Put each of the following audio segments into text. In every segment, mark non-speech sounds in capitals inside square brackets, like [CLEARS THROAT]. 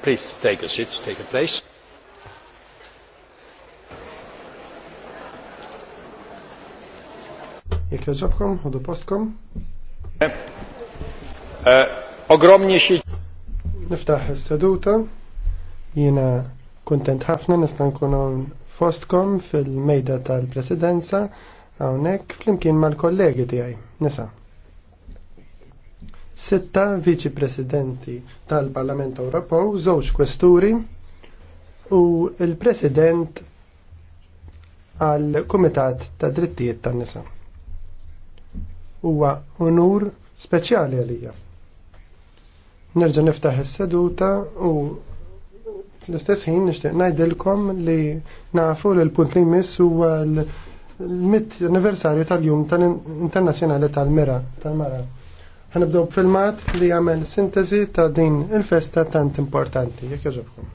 Please take a seat, take a place. Jek joġobkom, ħodu postkom. E, e, ogromnie się... Niftaħ is-seduta. Jena kontent ħafna nista' nkun fostkom fil-mejda tal-Presidenza hawnhekk flimkien mal-kollegi tijaj. Nisa' sitta viċi presidenti tal-Parlament Ewropew, żewġ kwesturi u il-President għal Kumitat ta' Drittijiet tan-Nisa. Huwa onur speċjali għalija. Nerġa' niftaħ is-seduta u fl-istess ħin nixtieq ngħidilkom li nafu li l-punt li jmiss huwa l-mit anniversarju tal-jum tal-internazzjonali tal-mera tal-mara. tal jum tal internazzjonali tal tal mara Ħanibdew filmat li jagħmel sintesi ta' din il-festa tant importanti. Jek jogħġobkom.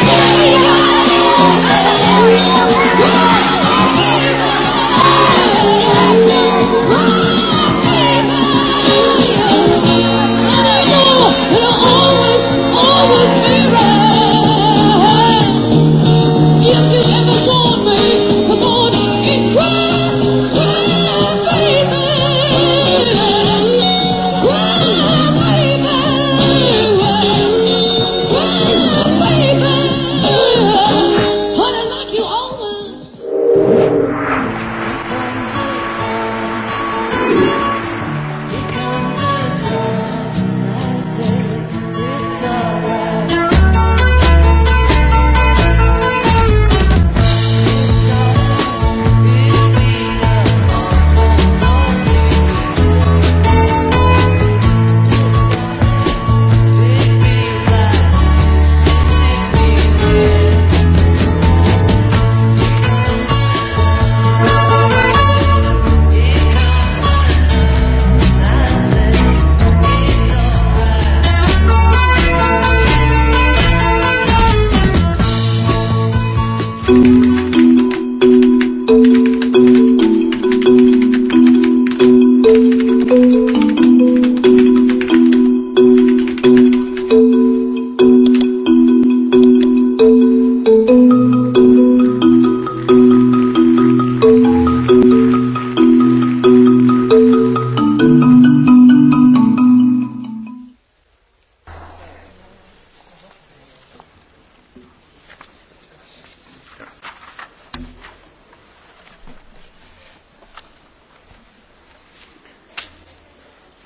Yeah.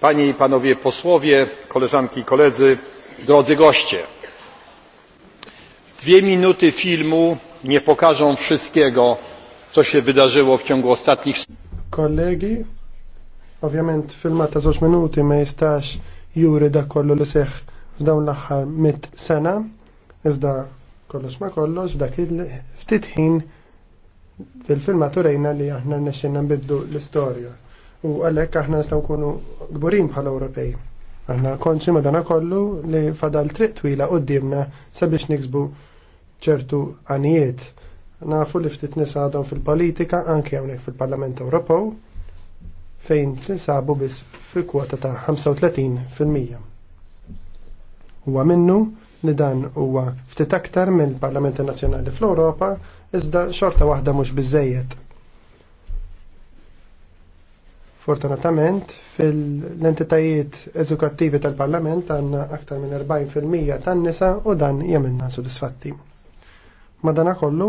Panie i panowie posłowie, koleżanki i koledzy, drodzy goście. Dwie minuty filmu nie pokażą wszystkiego, co się wydarzyło w ciągu ostatnich... Kolegi, ovvjament filmata ta' żewġ minuti ma jistax juri da kollu li seħ f'dawn l-aħħar mit sena, iżda kollox ma kollox dak ftit ħin fil filmatu rejna li aħna nexxinna nbiddu l-istorja u għalhekk aħna nistaw nkunu gburim bħala Ewropej. Aħna konċi madana kollu li fadal triq twila qudiemna sabiex niksbu ċertu għanijiet. Nafu li ftit nisadhom għadhom fil-politika anke hawnhekk fil-Parlament Ewropew fejn tinsabu biss fi kwota ta' 35%. Huwa minnu li dan huwa ftit aktar mill-Parlamenti Nazzjonali fl-Ewropa iżda xorta waħda mhux biżejjed. Fortunatament, fil-entitajiet eżukattivi tal-Parlament għanna aktar minn 40% tan-nisa u dan jemenna sodisfatti. Madana kollu,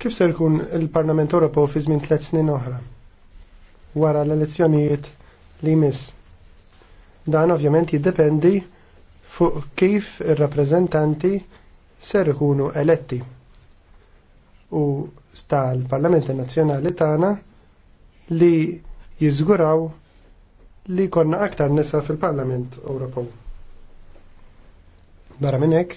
Kif ser kun il-Parlament Ewropew fi żmien tliet snin oħra wara l-elezzjonijiet li jmiss? Dan ovvjament jiddependi fuq kif ir-rappreżentanti ser ikunu eletti u tal parlament Nazzjonali tagħna li jiżguraw li konna aktar nisa fil-Parlament Ewropew. Barra minn hekk,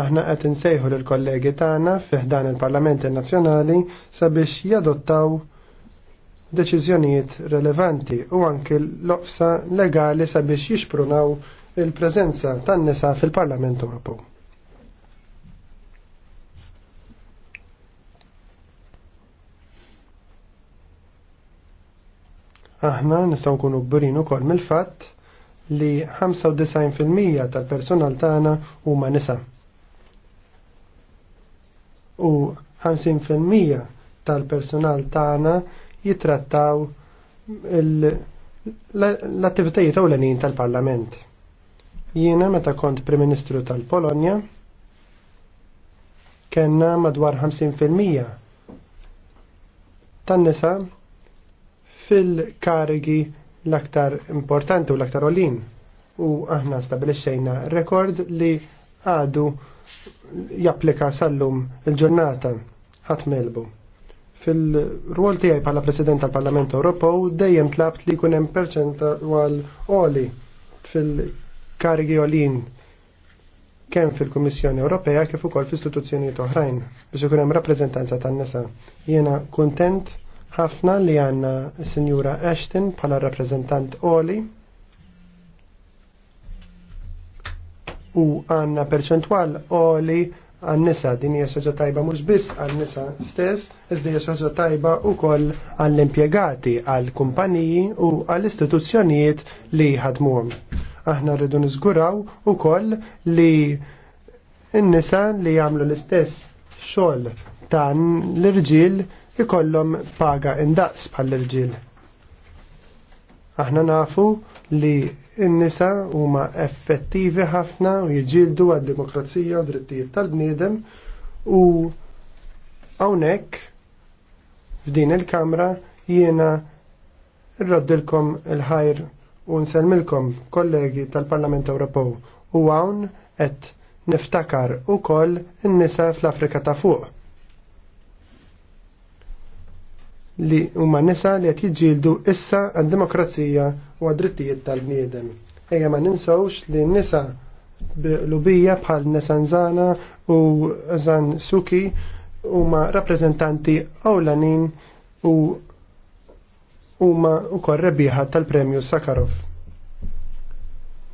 aħna qed insejħu lill kollegi tagħna fih dan il-Parlamenti Nazzjonali sabiex jadottaw deċiżjonijiet relevanti u anki l-oqsa legali sabiex jixprunaw il-preżenza tan-nisa fil-Parlament Ewropew. Aħna nistgħu nkunu kburin ukoll mill-fatt li 95% tal-personal tagħna huma nisa. U 50% tal-personal tagħna jitrattaw l-attivitajiet ewlenin tal-Parlament. Jiena meta kont Prim Ministru tal-Polonja kenna madwar 50% tan-nisa fil-karigi l-aktar importanti u l-aktar olin. U aħna stabilixxejna rekord li għadu japplika sallum il-ġurnata ħat melbu. Fil-rwol tiegħi bħala President tal-Parlament Ewropew dejjem tlabt li jkun hemm perċentwal oli fil-karigi olin kemm fil-Kummissjoni Ewropea kif ukoll fl-istituzzjonijiet oħrajn biex ikun hemm rappreżentanza tan-nisa. Jiena kuntent ħafna li għanna Sinjura Ashton bħala rappresentant Oli u għanna perċentwal Oli għan-nisa din hija xaġa tajba mhux biss għan-nisa stess, iżda hija xaġa tajba wkoll għall-impjegati, għall-kumpaniji u għall-istituzzjonijiet li ħadmuhom. Aħna rridu niżguraw ukoll li n-nisa li jagħmlu l-istess xogħol Dan l-irġiel ikollhom paga indaqs bħal l-irġiel. Aħna nafu li n-nisa huma effettivi ħafna u jġildu għad-demokrazija u drittijiet tal-bniedem u hawnhekk f'din il-kamra jiena rraddilkom il-ħajr u nselmilkom kollegi tal-Parlament Ewropew u hawn qed niftakar ukoll in-nisa fl-Afrika ta' fuq. li huma nisa li qed jiġġieldu issa għad-demokrazija u għad-drittijiet tal-bniedem. Ejja ma ninsawx li nisa lubija bħal Nesanzana u Zan Suki huma rappreżentanti awlanin u huma wkoll rebbieħa tal-Premju Sakharov.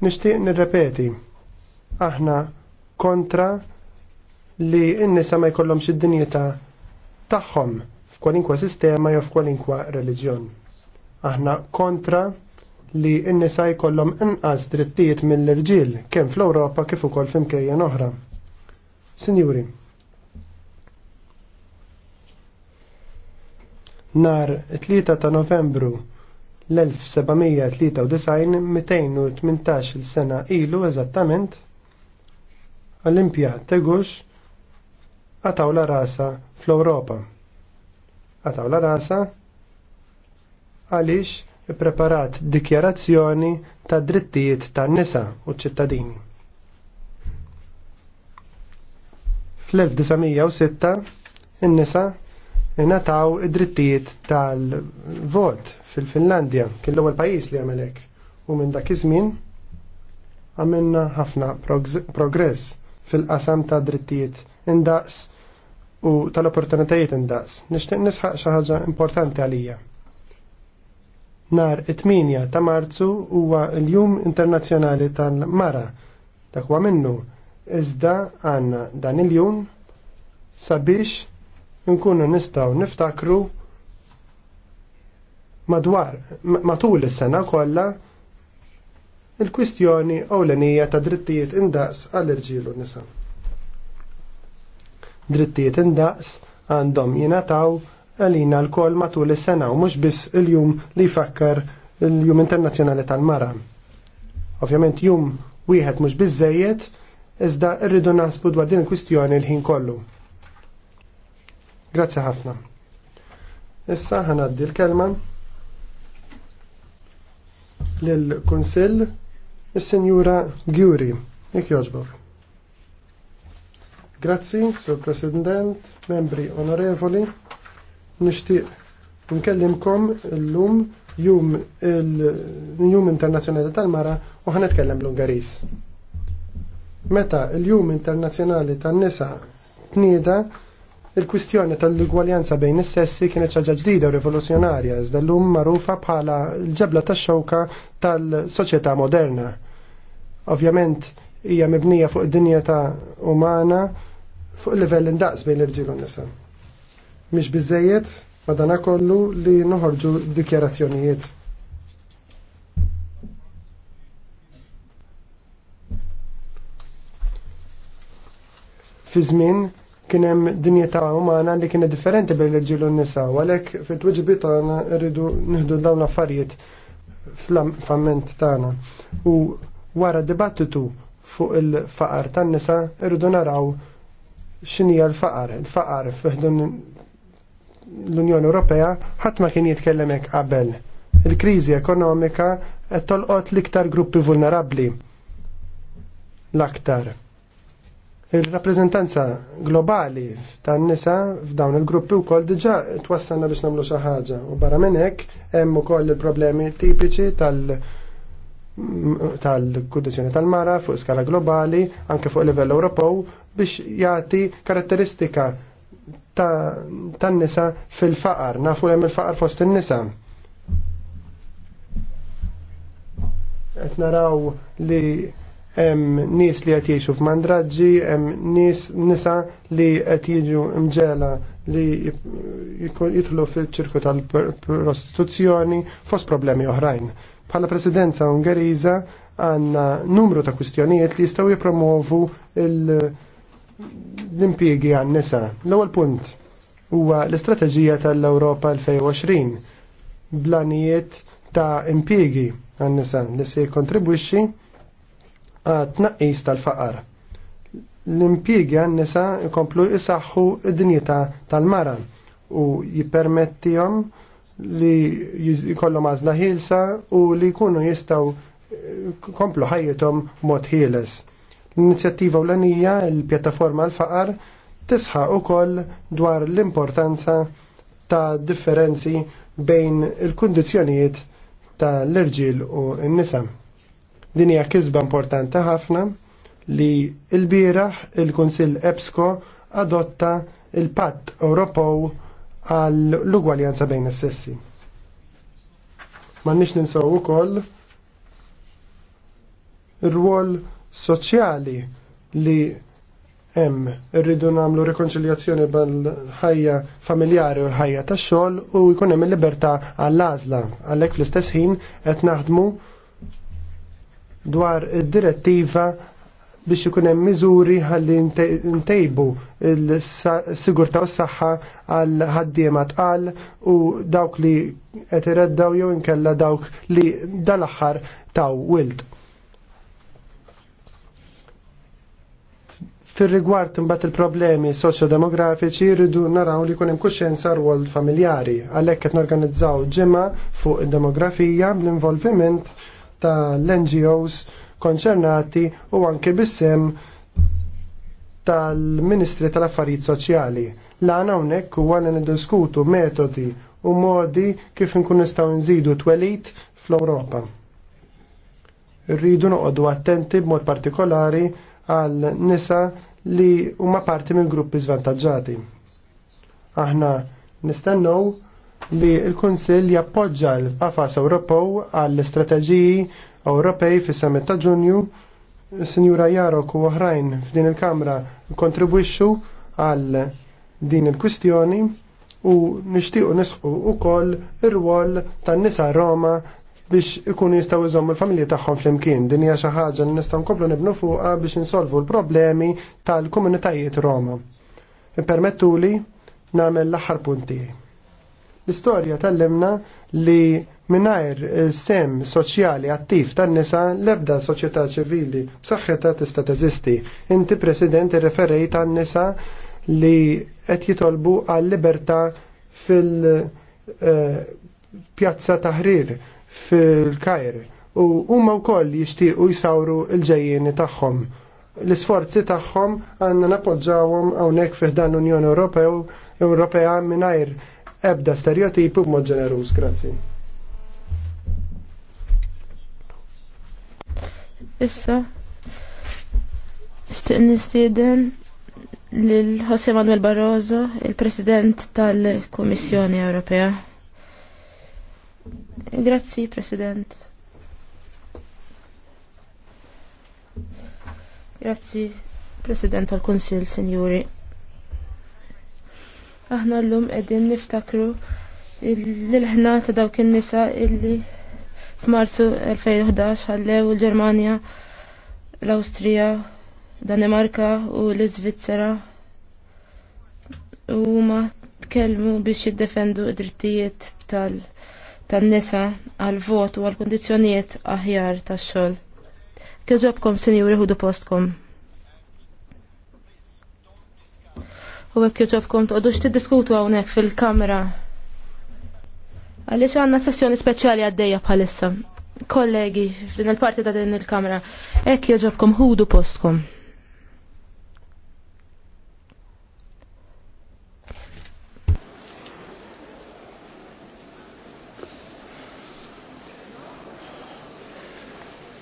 Nixtieq nirrepeti, aħna kontra li n-nisa ma jkollhomx id-dinjità tagħhom f'kwalinkwa sistema jew f'kwalinkwa reliġjon. Aħna kontra li n-nisa jkollhom inqas drittijiet mill-irġiel kemm fl-Ewropa kif ukoll f'imkejjen oħra. Sinjuri, nar 3 ta' Novembru l-1793 218 sena ilu eżattament Olimpja Tegux għatawla rasa fl-Europa għataw la rasa għaliex ippreparat dikjarazzjoni ta' drittijiet tan nisa u ċittadini. Fl-1906 in-nisa inataw id-drittijiet tal-vot fil-Finlandja, kien l-ewwel pajjiż li għamel hekk. U minn dak iż-żmien għamilna ħafna progress fil-qasam ta' drittijiet indaqs u tal-opportunitajiet indaqs. Nixtieq nisħaq xi ħaġa importanti għalija. Nar 8 ta' Marzu huwa l-Jum Internazzjonali tal-Mara. Dak huwa minnu iżda għandna dan il-jum sabiex nkunu nistgħu niftakru madwar matul is-sena kollha il-kwistjoni ewlenija ta' drittijiet indaqs għall-irġiel u nisa drittijiet indaqs għandhom jingħataw għalina l-kol matul is-sena u mhux biss il-jum li jfakkar il-Jum Internazzjonali tal-Mara. Ovvjament jum wieħed mhux biżejjed, iżda rridu nasbu dwar din il-kwistjoni l-ħin kollu. Grazzi ħafna. Issa ħanaddi l-kelma lill kunsill is-Sinjura Gjuri, jekk jogħġbok. Grazzi, Sur President, membri onorevoli, nishtiq nkellimkom l-lum jum il-Jum Internazzjonali tal-Mara u ħanetkellem l-Ungaris. Meta l jum Internazzjonali tan-Nisa tnieda il-kwistjoni tal-igwaljanza bejn is-sessi kienet ċaġa ġdida u rivoluzjonarja iżda llum magħrufa bħala l-ġebla tax-xewka tal-soċjetà moderna. Ovvjament hija mibnija fuq id dinjeta umana fuq livell indaqs bejn l-irġiel u nisa. Mhix biżejjed madana kollu li noħorġu dikjarazzjonijiet. Fi żmien kien hemm dinjità umana li kienet differenti bejn l-irġiel u n-nisa, għalhekk fit-tweġibi tagħna rridu nieħdu dawn l-affarijiet fl-amment tagħna. U wara dibattitu fuq il-faqar tan-nisa irridu naraw xinija l-faqar, l-faqar fiħdun l-Unjoni Ewropea ħadd ma kien jitkellem hekk qabel. Il-kriżi ekonomika qed tolqot l-iktar gruppi vulnerabbli l-aktar. Il-rappreżentanza globali tan-nisa f'dawn il-gruppi wkoll diġà twassalna biex nagħmlu xi ħaġa u barra minn hekk hemm ukoll il-problemi tipiċi tal- tal-kondizjoni tal-mara fuq skala globali, anke fuq livell Ewropew, biex jagħti karatteristika tan-nisa fil-faqar, nafu hemm il-faqar fost in-nisa. Qed naraw li hemm nies li qed jgħixu f'mandraġġi, hemm nies nisa li qed jiġu mġela li jidħlu fil-ċirku tal-prostituzzjoni fost problemi oħrajn. Bħala presidenza Ungeriża għandna numru ta' kwistjonijiet li jistaw jipromovu il- l-impjegi għan nisa. L-ewwel punt huwa l-istrateġija tal-Ewropa 2020 blanijiet ta' impiegi għan nisa li se jikkontribwixxi għat tnaqqis tal-faqar. l impiegi għan nisa jkomplu jisaxħu id-dinjità tal-mara u jippermettihom li jkollhom għażla ħielsa u li jkunu jistgħu komplu ħajjithom mod ħieles. L-inizjattiva ewlenija il pjattaforma għall faqar tisħa ukoll dwar l-importanza ta' differenzi bejn il-kundizzjonijiet ta' l-irġiel u n-nisa. Din hija kisba importanti ħafna li il bieraħ il-Kunsill EBSCO adotta il-Patt Ewropew għall-ugwaljanza bejn is-sessi. Ma nix ninsaw ukoll ir-rwol soċjali li hemm irridu nagħmlu rekonċiljazzjoni bħal ħajja familjari u l-ħajja tax-xogħol u jkun hemm il-libertà għall-għażla. Għalhekk fl-istess ħin qed naħdmu dwar id-direttiva biex ikun hemm miżuri ħalli ntejbu s-sigurtà u s-saħħa għal ħaddiema tqal u dawk li qed ireddaw jew inkella dawk li dal-aħħar taw wild. Fil-rigward imbagħad il-problemi soċjodemografiċi rridu naraw li jkun hemm kuxjenza rwol familjari għalhekk qed norganizzaw ġimgħa fuq id-demografija bl-involviment tal-NGOs konċernati u anke bissem tal-Ministri tal-Affarijiet Soċjali. L-għana hawnhekk huwa li niddiskutu metodi u modi kif nkun nistgħu nżidu twelit fl-Ewropa. Rridu noqogħdu attenti b'mod partikolari għal nisa li huma parti minn gruppi zvantaġġati. Aħna nistennew li l-Kunsill jappoġġa l-qafas Ewropew għall istrateġiji Ewropej fis-Summit ta' Ġunju, Sinjura Jarok u oħrajn f'din il-Kamra kontribwixxu għal din il-kwistjoni u nixtiequ nisqu wkoll ir-rwol tan-nisa Roma biex ikun jistaw iżommu l-familji tagħhom flimkien. Din hija xi ħaġa li nistgħu nkomplu nibnu fuqha biex insolvu l-problemi tal-komunitajiet Roma. Ipermettuli nagħmel l-aħħar punti. L-istorja tallimna li mingħajr sem soċjali attiv tan nisa lebda soċjetà ċivili b'saħħetha tista' teżisti. Inti President irreferej tan nisa li qed jitolbu għal libertà fil eh, pjazza taħrir fil-kajr u huma wkoll jixtiequ jsawru l-ġejjieni tagħhom. L-isforzi tagħhom għandna napoġġawhom hawnhekk fih dan l-Unjoni Ewropew Ewropea mingħajr ebda stereotipi mod ġeneruż. Grazzi. Issa, xtiq nistieden lil José Manuel Barroso, il-President tal-Kummissjoni Ewropea. Grazzi, President. Grazzi, President tal-Konsil, Signori. Aħna l-lum edin niftakru l-ħna ta' dawk il-nisa illi f'Marzu 2011 ħallew il-Ġermanja, l-Awstrija, Danimarka u l svizzera u ma tkellmu biex jiddefendu id-drittijiet tal- tan-nisa għal vot u għal kundizzjonijiet aħjar tax-xogħol. Kieġobkom sinjuri ħudu postkom. U hekk jogħġobkom toqgħodux tiddiskutu hawnhekk fil-kamra. Għaliex għandna sessjoni speċjali għaddejja bħalissa. Kollegi, f'din il-parti ta' din il-kamra, hekk jogħġobkom ħudu postkom.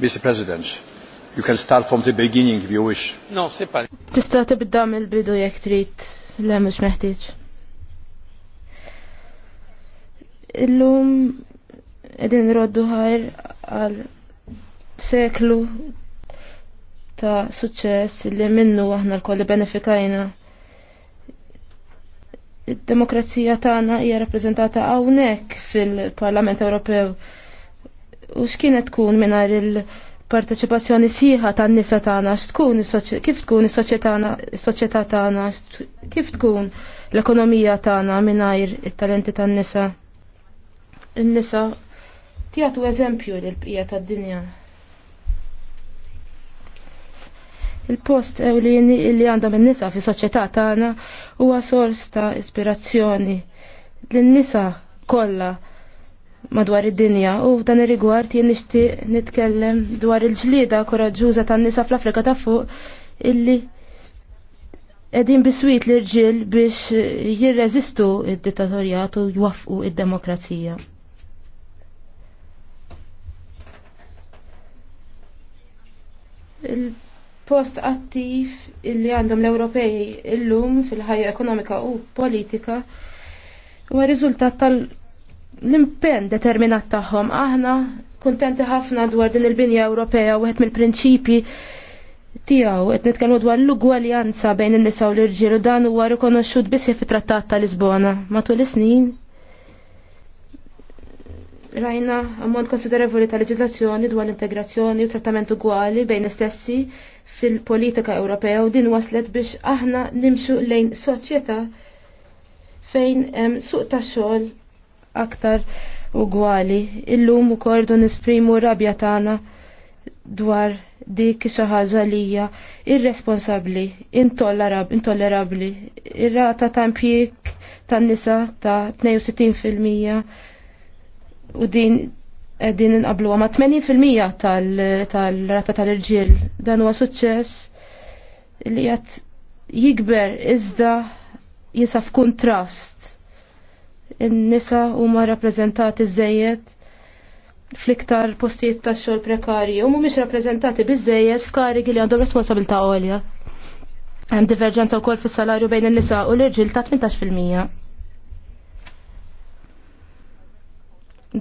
Mr. President, you can start from the beginning if you wish. No, sepa. Tista tibda mill-bidu jekk trid, le mhux meħtieġ. Illum qegħdin roddu ħajr għal seklu ta' suċċess li minnu aħna l-kolli benefikajna. Id-demokrazija tagħna hija rappreżentata hawnhekk fil-Parlament Ewropew u x'kienet tkun mingħajr il-parteċipazzjoni sħiħa tan-nisa tagħna x'tkun kif tkun is-soċjetà tagħna kif tkun l-ekonomija tagħna mingħajr it-talenti tan-nisa. In-nisa tiegħu eżempju lill-bqija tad-dinja. Il-post ewlieni li għandhom in-nisa fi soċjetà tagħna huwa sors ta' ispirazzjoni. Lin-nisa kollha madwar id-dinja u dan ir-rigward jien nixtieq nitkellem dwar il-ġlieda koraġuża tan-nisa fl-Afrika ta' fuq illi qegħdin biswit l-irġiel biex jirreżistu id-dittatorjat u jwaffqu id-demokrazija. Il-post attiv illi għandhom l-Ewropej illum fil-ħajja ekonomika u politika huwa riżultat tal- l-impenn determinat tagħhom aħna kuntenti ħafna dwar din il-binja Ewropea wieħed mill-prinċipji tiegħu qed nitkellmu dwar l-ugwaljanza bejn in-nisa u l-irġiel u dan huwa rikonoxxut biss fit-Trattat ta' Lisbona matul is-snin. Rajna ammont konsiderevoli ta' leġislazzjoni dwar l-integrazzjoni u trattament ugwali bejn istessi fil-politika Ewropea u din waslet biex aħna nimxu lejn soċjetà fejn suq ta' xogħol aktar ugwali. Illum ukoll kordu nisprimu rabja tagħna dwar dik xi ħaġa li hija irresponsabbli, intollerabbli. Ir-rata ta' impjieg tan-nisa ta' 62 u din din inqablu ma' 80% tal-rata tal-irġiel. Dan huwa suċċess li qed jikber iżda jinsaf kontrast n-nisa huma rappreżentati żejjed fl-iktar postijiet ta' xogħol prekari u mhumiex rappreżentati biżejjed f'karigi li għandhom responsabilità għolja. Hemm diverġenza wkoll fis-salarju bejn in-nisa u l-irġiel ta' 18%.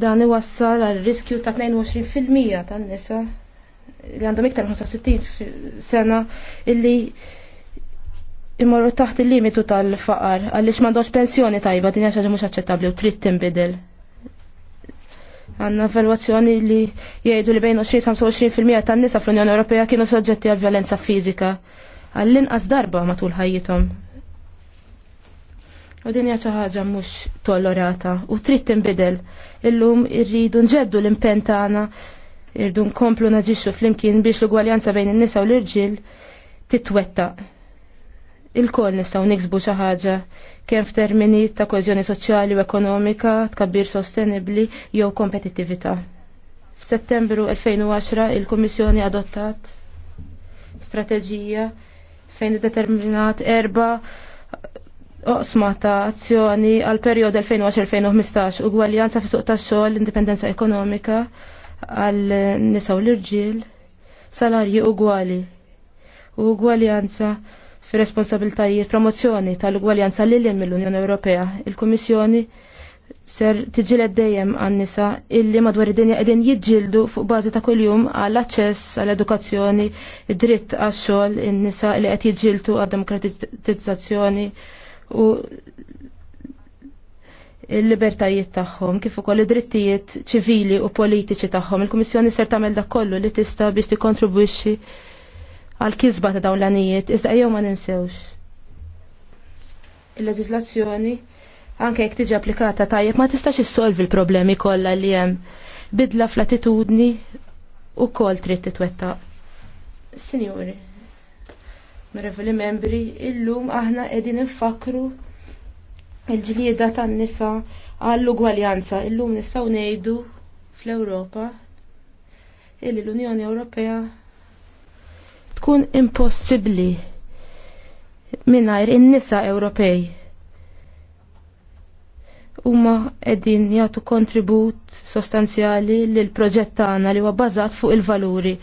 Dan iwassal għal riskju ta' 22% tan-nisa li għandhom iktar 65 sena illi imorru taħt il-limitu tal-faqar għaliex m'għandhomx pensjoni tajba din xaġa mhux aċċettabbli u trid tinbidel. Għanna valwazzjoni li jgħidu li bejn 20-25% tan-nisa fl-Unjoni Ewropea kienu soġġetti għal violenza fiżika għall-inqas darba matul ħajjithom. U din xi ħaġa mhux tollerata u trid tinbidel. Illum irridu nġeddu l-impenn tagħna irdu nkomplu naġixxu flimkien biex l-ugwaljanza bejn in-nisa u l-irġiel titwettaq il kol nistaw niksbu xi ħaġa kemm f'termini ta' kohezjoni soċjali u ekonomika, tkabbir sostenibbli jew kompetittività. F'Settembru 2010 il-Kummissjoni adottat strateġija fejn determinat erba' oqsma ta' azzjoni għal perjodu 2010-2015 ugwaljanza fis suq tax-xogħol, indipendenza ekonomika għal nisa u l-irġiel, salarji ugwali u gwaljanza fi responsabiltajiet promozzjoni tal-ugwaljanza lil mill-Unjoni Ewropea. Il-Kummissjoni ser tiġil dejjem għan-nisa illi madwar id-dinja qegħdin jiġġieldu fuq bażi ta' kuljum għall aċċess għall edukazzjoni id-dritt għax-xogħol in-nisa li qed jidġildu għad-demokratizzazzjoni u il-libertajiet tagħhom kif ukoll id-drittijiet ċivili u politiċi tagħhom. Il-Kummissjoni ser tagħmel dak kollu li tista' biex tikkontribwixxi għal kizba ta' dawn l-anijiet, iżda jew ma ninsewx. Il-leġislazzjoni anke jekk tiġi applikata tajjeb ma tistax issolvi l-problemi kollha li hemm bidla fl-attitudni u kol trid titwettaq. Sinjuri, onorevoli membri, illum aħna qegħdin infakru il-ġlieda tan-nisa għall-ugwaljanza. Illum nistgħu ngħidu fl-Ewropa illi l-Unjoni Ewropea tkun impossibbli minnajr in-nisa Ewropej. Huma qegħdin jagħtu kontribut sostanzjali lil proġett tagħna li huwa bażat fuq il-valuri.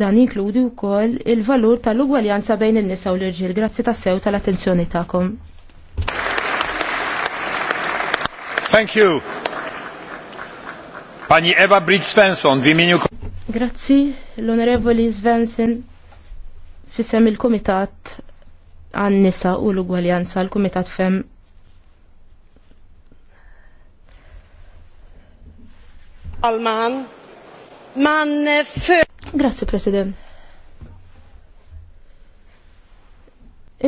Dan jinkludi wkoll il-valur tal-ugwaljanza bejn in-nisa u l-irġiel. Grazzi tassew tal-attenzjoni tagħkom. Thank you. Pani Eva Bridge Svensson, w imieniu... Grazzi, l-onorevoli Svensson. Fissem il-Kumitat għan-nisa u l-ugwaljanza l-Kumitat fem Alman. Man eh, Grazzi President.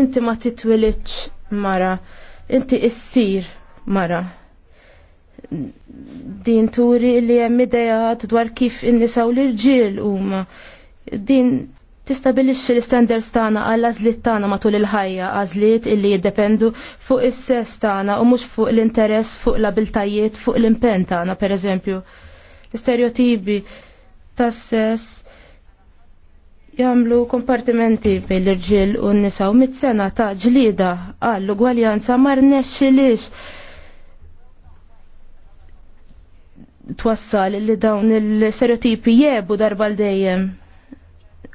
Inti ma titwilitx mara, inti issir mara din turi li hemm dejat dwar kif in-nisa u l-irġiel huma. Din tistabilixxi l istandards tagħna għall għażliet tagħna matul il-ħajja, għażliet illi jiddependu fuq is-sess tagħna u mhux fuq l-interess, fuq l-abiltajiet, fuq l-impenn tagħna pereżempju. L-istereotipi tas-sess jagħmlu kompartimenti bejn l-irġiel u n-nisa u mit-sena ta' ġlida għall ugwaljanza ma rnexxilix twassal li dawn il-stereotipi jebu darba l dejjem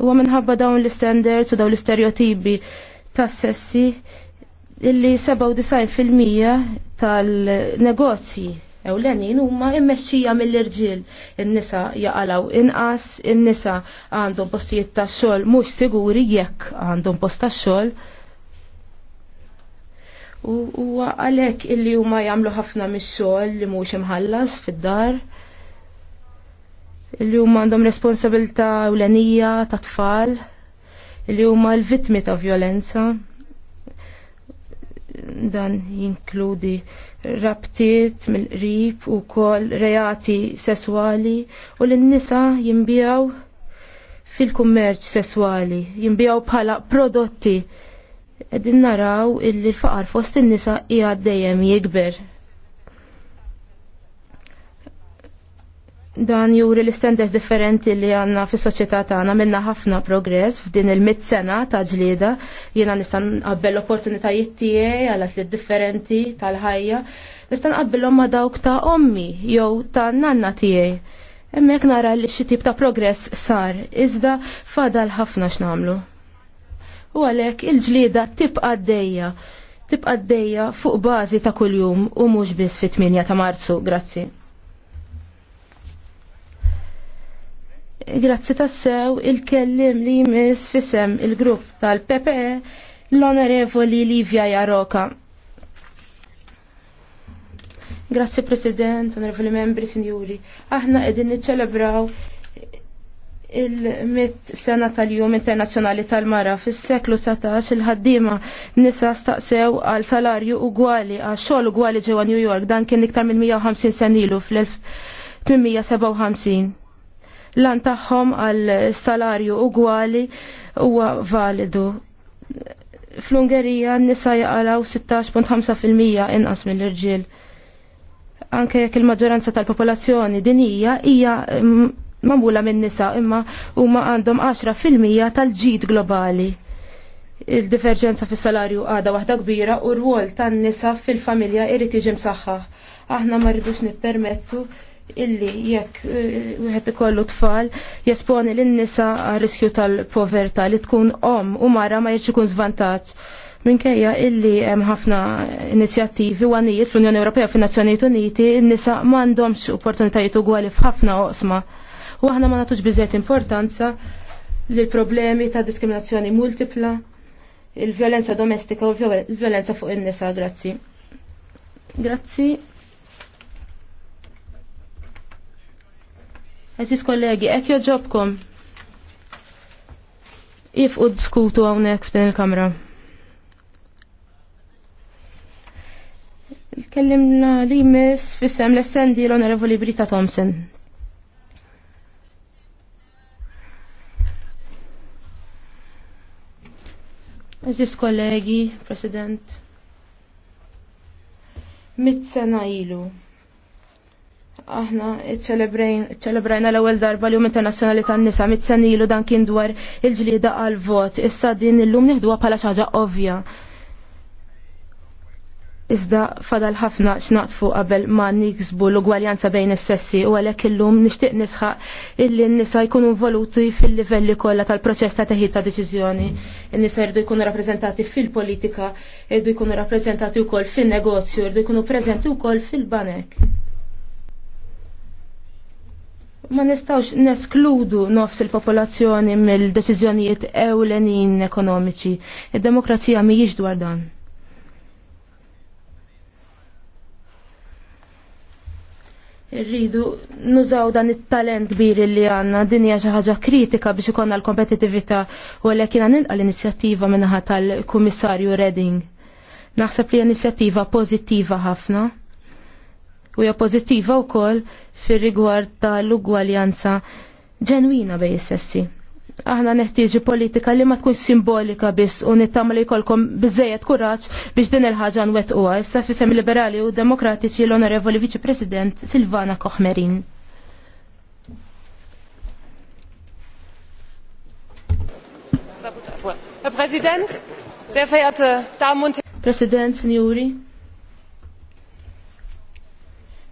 huwa minħabba dawn l-standards u dawn l-istereotipi tas-sessi illi 97% tal-negozji ewlenin huma immexxija mill-irġiel. In-nisa jaqalaw inqas, in-nisa għandhom postijiet tax-xogħol mhux siguri jekk għandhom post tax-xogħol. U għalhekk illi huma jagħmlu ħafna mix-xogħol li mhux imħallas fid-dar li huma għandhom responsabilità ewlenija ta' tfal li huma l-vittmi ta' violenza dan jinkludi rabtiet mill-qrib u kol reati sesswali u l-nisa jimbijaw fil-kummerċ sessuali, jimbijaw bħala prodotti. Edin naraw illi l-faqar fost in-nisa hija dejjem jikber. Dan juri l-standards differenti li għanna fis soċjetà tagħna minna ħafna progress f'din il mitt sena ta' ġlieda jiena nista' nqabbel opportunitajiet tiegħi għal li differenti tal-ħajja nista' nqabbilhom ma' dawk ta' ommi jew ta' nanna tiegħi. Hemmhekk nara li xi tip ta' progress sar iżda fadal ħafna x'namlu. U għalhekk il-ġlieda tibqa' dejja tibqa' dejja fuq bażi ta' kuljum u mhux biss fit-8 ta' Marzu. Grazzi. Grazzi tassew il-kellim li jmiss fisem il-grupp tal-PPE l-onorevoli Livia Jaroka. Grazzi President, onorevoli membri, sinjuri. Aħna edin niċċelebraw il-mit sena tal-jum internazjonali tal-mara fis seklu 19 il-ħaddima nisa staqsew għal salarju ugwali għal xogħol ugwali ġewwa New York dan kien iktar minn 150 senilu fl-1857 lan tagħhom għal salarju ugwali huwa validu. Fl-Ungerija n-nisa jaqalaw 16.5% inqas mill-irġiel. Anke jekk il-maġġoranza tal-popolazzjoni dinija hija mm, mamula minn nisa imma huma għandhom 10% tal-ġid globali. Il-diverġenza fis salarju għada waħda kbira u r-rwol tan-nisa fil-familja irid jiġi msaħħaħ. Aħna ma rridux nippermettu illi jekk eh, wieħed ikollu tfal jesponi lin-nisa għar-riskju tal-povertà li tkun om u mara ma jiġ ikun żvantaġġ. Minkejja illi hemm ħafna inizjattivi u għanijiet fl-Unjoni Ewropea fin-Nazzjonijiet Uniti, n-nisa m'għandhomx opportunitajiet ugwali f'ħafna oqsma. U aħna ma nagħtux biżejjed importanza lil problemi ta' diskriminazzjoni multipla, il-vjolenza domestika u il-vjolenza fuq in-nisa, grazzi. Grazzi. Eżis kollegi, ek joġobkom. If u diskutu għawnek f'din il-kamra. Kellimna li mis fissem l-essendi l-onorevoli Brita Thompson. Aziz kollegi, President, mit sena ilu aħna ċelebrajna l-ewwel darba l-Jum Internazzjonali tan-Nisa mit-senilu dan kien dwar il-ġlieda għal vot. Issa din illum nieħduha bħala xi ħaġa ovvja. Iżda fadal ħafna x'naqtfu qabel ma niksbu l-ugwaljanza bejn is-sessi u għalhekk illum nixtieq nisħaq illi n-nisa jkunu involuti fil-livelli kollha tal-proċess ta' teħid ta' deċiżjoni. In-nisa jrdu jkunu rappreżentati fil-politika, jrdu jkunu rappreżentati wkoll fin-negozju, jrdu jkunu preżenti wkoll fil-banek. Ma nistawx neskludu nofs il-popolazzjoni mill-deċiżjonijiet ewlenin ekonomiċi. Id-demokrazija mhijiex dwar dan. Irridu nużaw dan it-talent kbir li għanna din hija xi ħaġa kritika biex ikonna l kompetitivita u għalhekk jiena nilqa l-inizjattiva minnaħat tal-Kummissarju Reding. Naħseb li inizjattiva pożittiva ħafna u hija pożittiva wkoll fir-rigward tal-ugwaljanza ġenwina bej is-sessi. Aħna neħtieġu politika li ma tkunx simbolika biss u nittama li jkollkom biżejjed kuraġġ biex din il-ħaġa nwettquha issa fisem liberali u demokratiċi l-Onorevoli Viċi President Silvana Koħmerin. President, Präsident, sehr verehrte Damen und Herren. Präsident, Signori.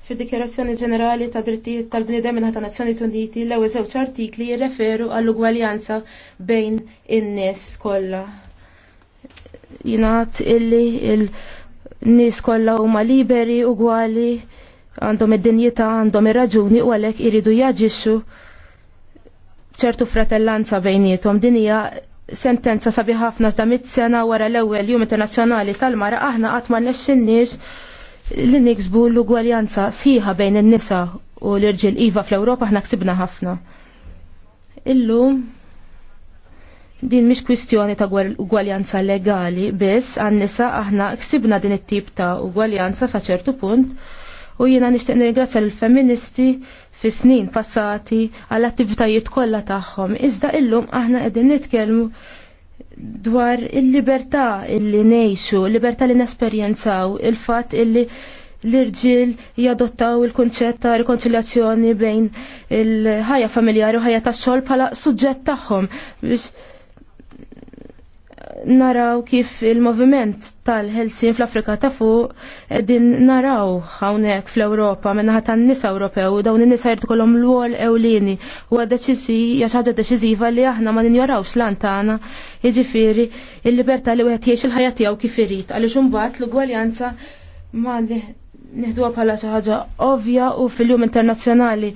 Fid-Dikjerazzjoni Ġenerali ta' Drittijiet tal bnidem minn ta' Nazzjoni Uniti l-ewwel żewġ artikli jirreferu għall-ugwaljanza bejn in-nies kollha. Jingħad illi il-nies kollha huma liberi ugwali għandhom id-dinjità, għandhom ir-raġuni u għalhekk iridu jaġixxu ċertu fratellanza bejnietom. Din hija sentenza sabiħafna ħafna da sena wara l-ewwel Jum Internazzjonali tal-Mara aħna qatt ma nnexxinniex li niksbu l-ugwaljanza sħiħa bejn in-nisa u l-irġil iva fl-Ewropa ħna ksibna ħafna. Illum din mhix kwistjoni ta' ugwaljanza legali biss għan-nisa aħna ksibna din it-tip ta' ugwaljanza sa' ċertu punt u jiena nixtieq nirgrazzja lill feministi fi snin passati għall attivitajiet kollha tagħhom iżda illum aħna qegħdin nitkellmu dwar il-libertà li nejxu, il-libertà li nesperjenzaw, il-fat illi l-irġil jadottaw il-konċett ta' rikonċiljazzjoni bejn il-ħajja familjari u ħajja tax-xogħol bħala suġġett tagħhom biex naraw kif il-moviment tal-Helsin fl-Afrika ta' fuq din naraw hawnhekk fl-Ewropa minnaħa tan-nisa Ewropew dawn in-nisa jrid ikollhom l-wol ewlieni huwa deċiżija xi ħaġa deċiżiva li aħna ma ninjorawx lan tagħna jiġifieri l-libertà li wieħed jgħix il-ħajja tiegħu kif irid għaliex imbagħad l-ugwaljanza ma nieħduha bħala xi ħaġa ovvja u fil-Jum Internazzjonali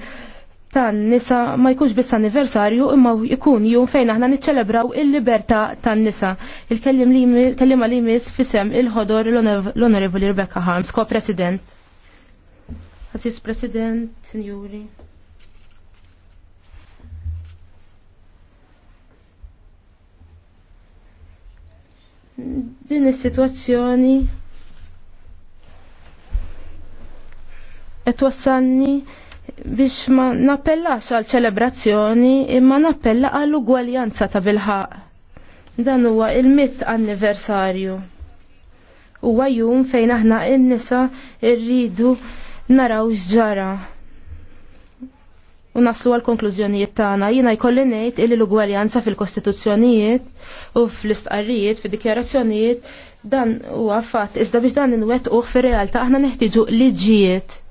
tan-nisa ma jkunx biss anniversarju imma jkun jum fejn aħna niċċelebraw il-libertà tan-nisa. Il-kellim li kellima li miss fisem il-ħodor l-Onorevoli Rebecca Harms, ko-President. Aziz President, Sinjuri. Din is-sitwazzjoni qed wassalni biex ma nappellax għal ċelebrazzjoni imma nappella għal ugwaljanza ta' bilħaq. Dan huwa il-mitt anniversarju. Huwa jum fejn aħna n nisa rridu naraw x'ġara. U naslu għal konklużjonijiet tagħna jiena jkolli ngħid illi l-ugwaljanza fil-kostituzzjonijiet u fl-istqarrijiet fid-dikjarazzjonijiet dan huwa fatt iżda biex dan inwettquh fir-realtà aħna neħtieġu liġijiet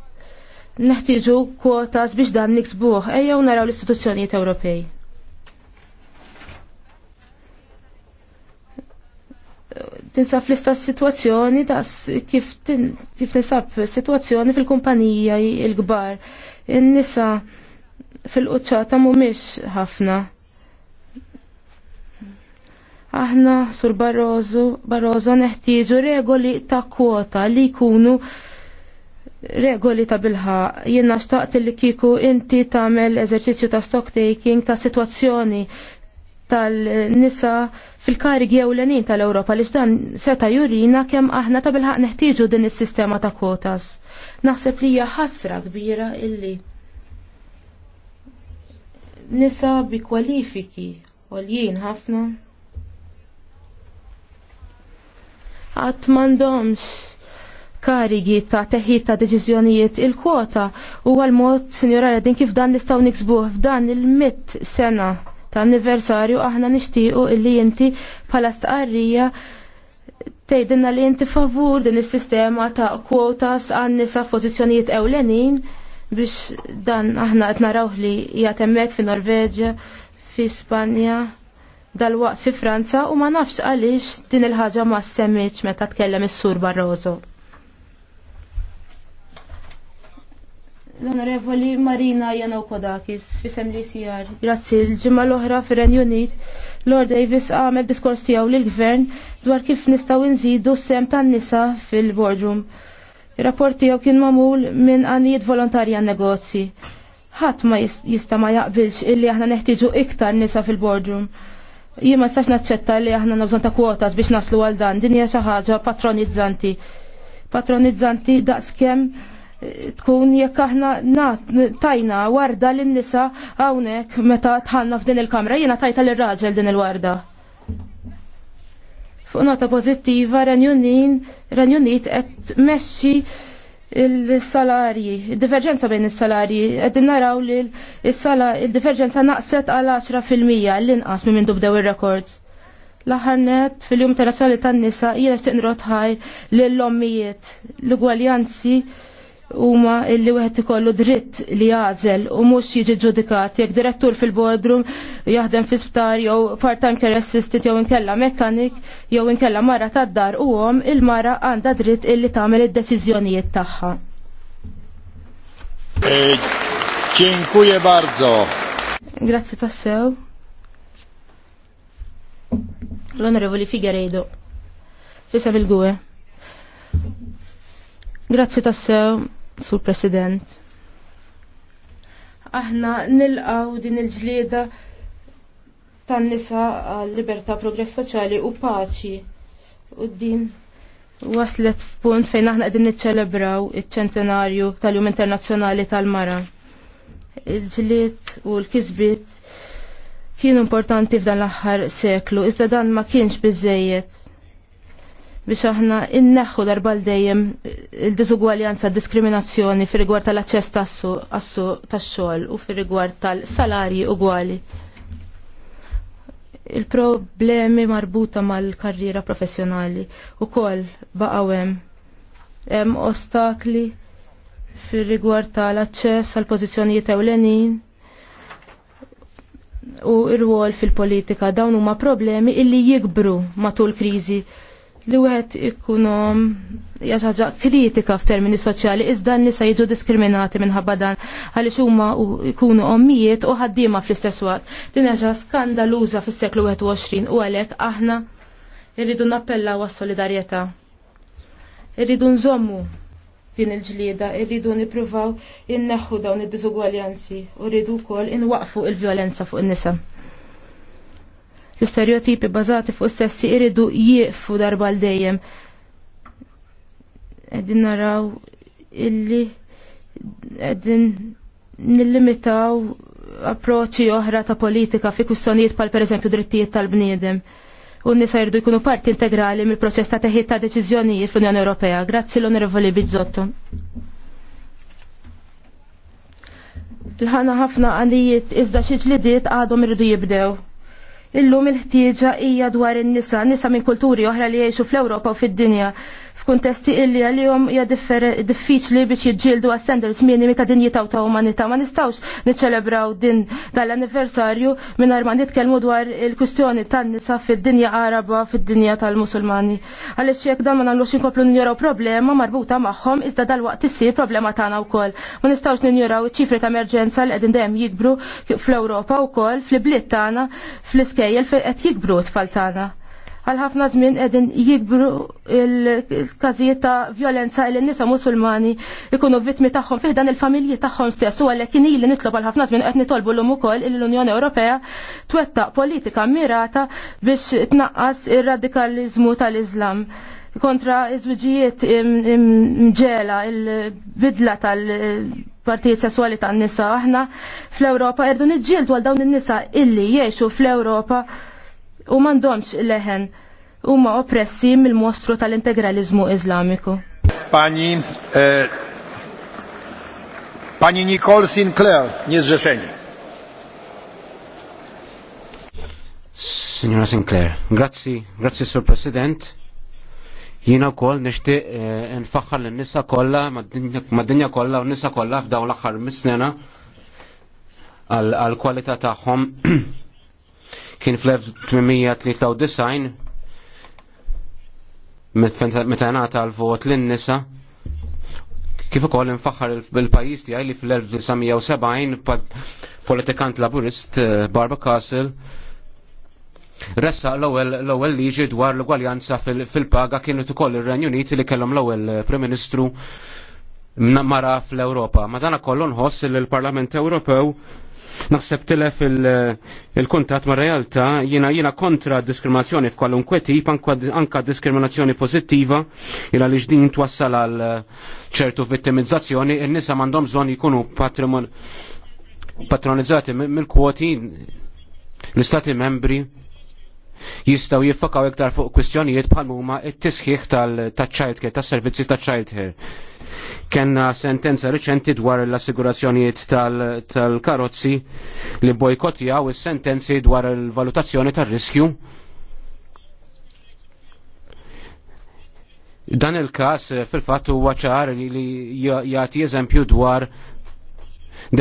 neħtieġu kwotas biex dan niksbuh ejjew naraw l-istituzzjonijiet Ewropej. Tinsab fl-istess situazzjoni tas kif, kif tinsab situazzjoni fil-kumpanija il-kbar. In-nisa fil-quċċata mhumiex ħafna. Aħna sur Barroso, Barroso neħtieġu regoli ta' kwota li jkunu regoli ta' bilħa. Jiena xtaqt li kiku inti tagħmel eżerċizzju ta' stock taking ta' situazzjoni tal-nisa fil-karigi lenin tal-Ewropa li dan seta' jurina kemm aħna ta' bilħa neħtieġu din is-sistema ta' kwotas. Naħseb li hija ħasra kbira illi nisa bi kwalifiki għoljien ħafna għat mandomx karigi ta' teħid ta' deċiżjonijiet il-kwota u għal-mod, sinjora Reddin, kif dan nistaw niksbuħ f'dan il mitt sena ta' anniversarju aħna nixtiequ illi inti bħala stqarrija tgħidilna li inti favur din is-sistema ta' kwotas għan nisa f'pożizzjonijiet ewlenin biex dan aħna qed narawh li jatemmek fi Norveġja, fi Spanja, dal-waqt fi Franza u ma nafx għaliex din il-ħaġa ma semmitx meta tkellem is-Sur Barroso. l-Onorevoli Marina Kodakis fissem li sijar. Grazzi l-ġimma l-oħra fir Unit, Lord Davis għamel diskors tijaw l-gvern dwar kif nistaw nżidu s-sem tan nisa fil-boardroom. Il-rapport tijaw kien mamul minn għanijiet volontarja negozji. ħadd ma jista ma jaqbilx illi aħna neħtieġu iktar nisa fil-boardroom. Jien ma stax naċċetta li aħna nabżon ta' kwotas biex naslu għal dan, din hija xi ħaġa patronizzanti. Patronizzanti daqskemm tkun jekk aħna tajna warda lin nisa hawnhekk meta tħanna f'din il-kamra jiena tajta l raġel din il-warda. Fuq nota pożittiva Renjunit qed tmexxi il-salarji, il-diverġenza bejn is-salarji, qegħdin naraw li il-diverġenza naqset għal 10% l-inqas minn dubdew ir records L-aħħar net fil-Jum Internazzjonali tan-Nisa jiena xtieq nrotħaj lill-ommijiet, l-ugwaljanzi huma illi wieħed ikollu dritt li jażel u mhux jiġi ġudikat jekk direttur fil-bodrum jaħdem fi sptar jew part-time care assistant jew inkella mekkanik jew inkella mara tad-dar u hom il-mara għandha dritt illi tagħmel id-deċiżjonijiet tagħha. E, dziękuję bardzo. Grazzi tassew. L-Onorevoli Figueiredo. Fisa il-gwe. Grazzi tassew, Sur President. Aħna nilqaw din il-ġlieda tan-nisa għal libertà progress soċjali u paċi. U din waslet f'punt fejn aħna qegħdin niċċelebraw iċ-ċentenarju tal-Jum Internazzjonali tal-Mara. Il-ġlied u l-kisbiet kienu importanti f'dan l-aħħar seklu, iżda dan ma kienx biżejjed biex aħna inneħħu l dejjem il-diżugwaljanza, diskriminazzjoni fir rigward tal-aċċess tassu tax-xogħol u fir rigward tal-salarji ugwali. Il-problemi marbuta mal-karriera professjonali ukoll baqgħu hemm hemm ostakli fir rigward tal-aċċess għal pożizzjonijiet ewlenin u r wol fil-politika dawn huma problemi illi jikbru matul kriżi li wieħed ikunhom hija kritika f'termini soċjali iżda nisa jiġu diskriminati minħabba dan għaliex huma jkunu ommijiet u ħaddiema fl-istess waqt. Din hija skandaluża fis-seklu 21 u għalhekk aħna irridu nappellaw għas-solidarjetà. Irridu nżommu din il-ġlieda, irridu nippruvaw inneħħu dawn id-diżugwaljanzi u rridu wkoll inwaqfu il-vjolenza fuq in-nisa. L-istereotipi bazati fuq stessi iridu jieqfu darba l dejjem Għedin naraw illi għedin nillimitaw approċċi oħra ta' politika fi kwistjonijiet pal per eżempju drittijiet tal-bniedem u nisa jirdu jkunu parti integrali mill proċess ta' teħid ta' deċiżjonijiet fl-Unjoni Ewropea. Grazzi l-Onorevoli Bizzotto. Il-ħana ħafna għanijiet iżda xi ġlidiet għadhom irridu jibdew. Illum il-ħtieġa hija dwar in-nisa, nisa minn kulturi oħra li jgħixu fl-Ewropa u fid-dinja f'kuntesti illi għal-jom hija diffiċli biex jiġġieldu għas standards minimi ta' dinjità u ta' umanità. Ma nistgħux niċċelebraw din dal-anniversarju mingħajr ma nitkellmu dwar il-kwistjoni tan-nisa fid-dinja Araba, fid-dinja tal-Musulmani. Għaliex jekk dan ma nagħmlux inkomplu njuraw problema marbuta magħhom iżda dal-waqt issir problema tagħna wkoll. Ma nistgħux ninjoraw iċ-ċifri ta' emerġenza li qegħdin dejjem jikbru fl-Ewropa wkoll fl-bliet tagħna fl-iskejjel qed jikbru t-tfal tagħna għal ħafna żmien qegħdin jikbru il-każijiet ta' violenza il nisa musulmani ikunu vittmi tagħhom fih dan il-familji tagħhom stess u għalhekk kien li nitlob għal ħafna żmien qed nitolbu l ukoll l-Unjoni Ewropea twettaq politika mirata biex tnaqqas ir-radikaliżmu tal-Iżlam kontra iż-żwiġijiet mġela il-bidla tal- partijiet sessuali tan nisa aħna fl-Ewropa irdu niġġieldu għal dawn in-nisa illi jgħixu fl-Ewropa u mandomx leħen huma oppressi mill-mostru tal-integralizmu islamiku. Pani eh, Pani Nicole Sinclair, niezrzeszeni. Signora Sinclair, grazzi, grazzi Sur President. u kol, nixtieq eh, nfaħħar l nisa kollha mad-dinja kollha u nisa kollha f'dawn l-aħħar mis nena għall kwalità tagħhom [CLEARS THROAT] kien fl-1893 meta ngħata l-vot lin-nisa kif ukoll infaħħar il-pajjiż tiegħi li fl-1970 politikant laburist eh, Barba Castle Ressa l-ewwel liġi dwar l-ugwaljanza fil-paga kienu ukoll ir-Renju Unit li kellhom l-ewwel eh, Prim Ministru mara fl-Ewropa. Madana kollu nħoss il parlament Ewropew naħseb tilef il-kuntat ma' realtà jiena jiena kontra diskriminazzjoni f'kwalunkwe tip anka diskriminazzjoni pożittiva jina li din twassal għal eh, ċertu vittimizzazzjoni in-nisa m'għandhom bżonn jkunu patronizzati mill-kwoti l-istati membri jistaw jiffakaw iktar fuq kwistjonijiet bħal huma t tisħiħ tal ċajt care, tas-servizzi ta' ċajt Kenna sentenza riċenti dwar l-assigurazzjonijiet tal-karozzi li bojkotjaw is-sentenzi dwar il-valutazzjoni tar-riskju. Dan il-kas eh, fil-fatt huwa ċar li jagħti eżempju dwar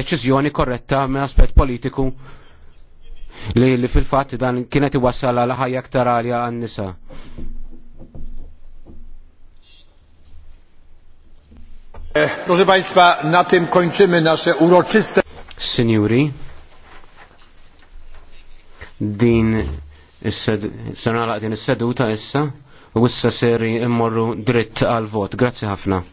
deċiżjoni korretta minn aspett politiku li, fil-fatt dan kienet iwassal għal ħajja aktar għalja għan-nisa. Proszę Państwa, na tym kończymy nasze uroczyste... Signori, din sanala din is-seduta issa u issa seri immorru dritt għal vot. Grazzi ħafna.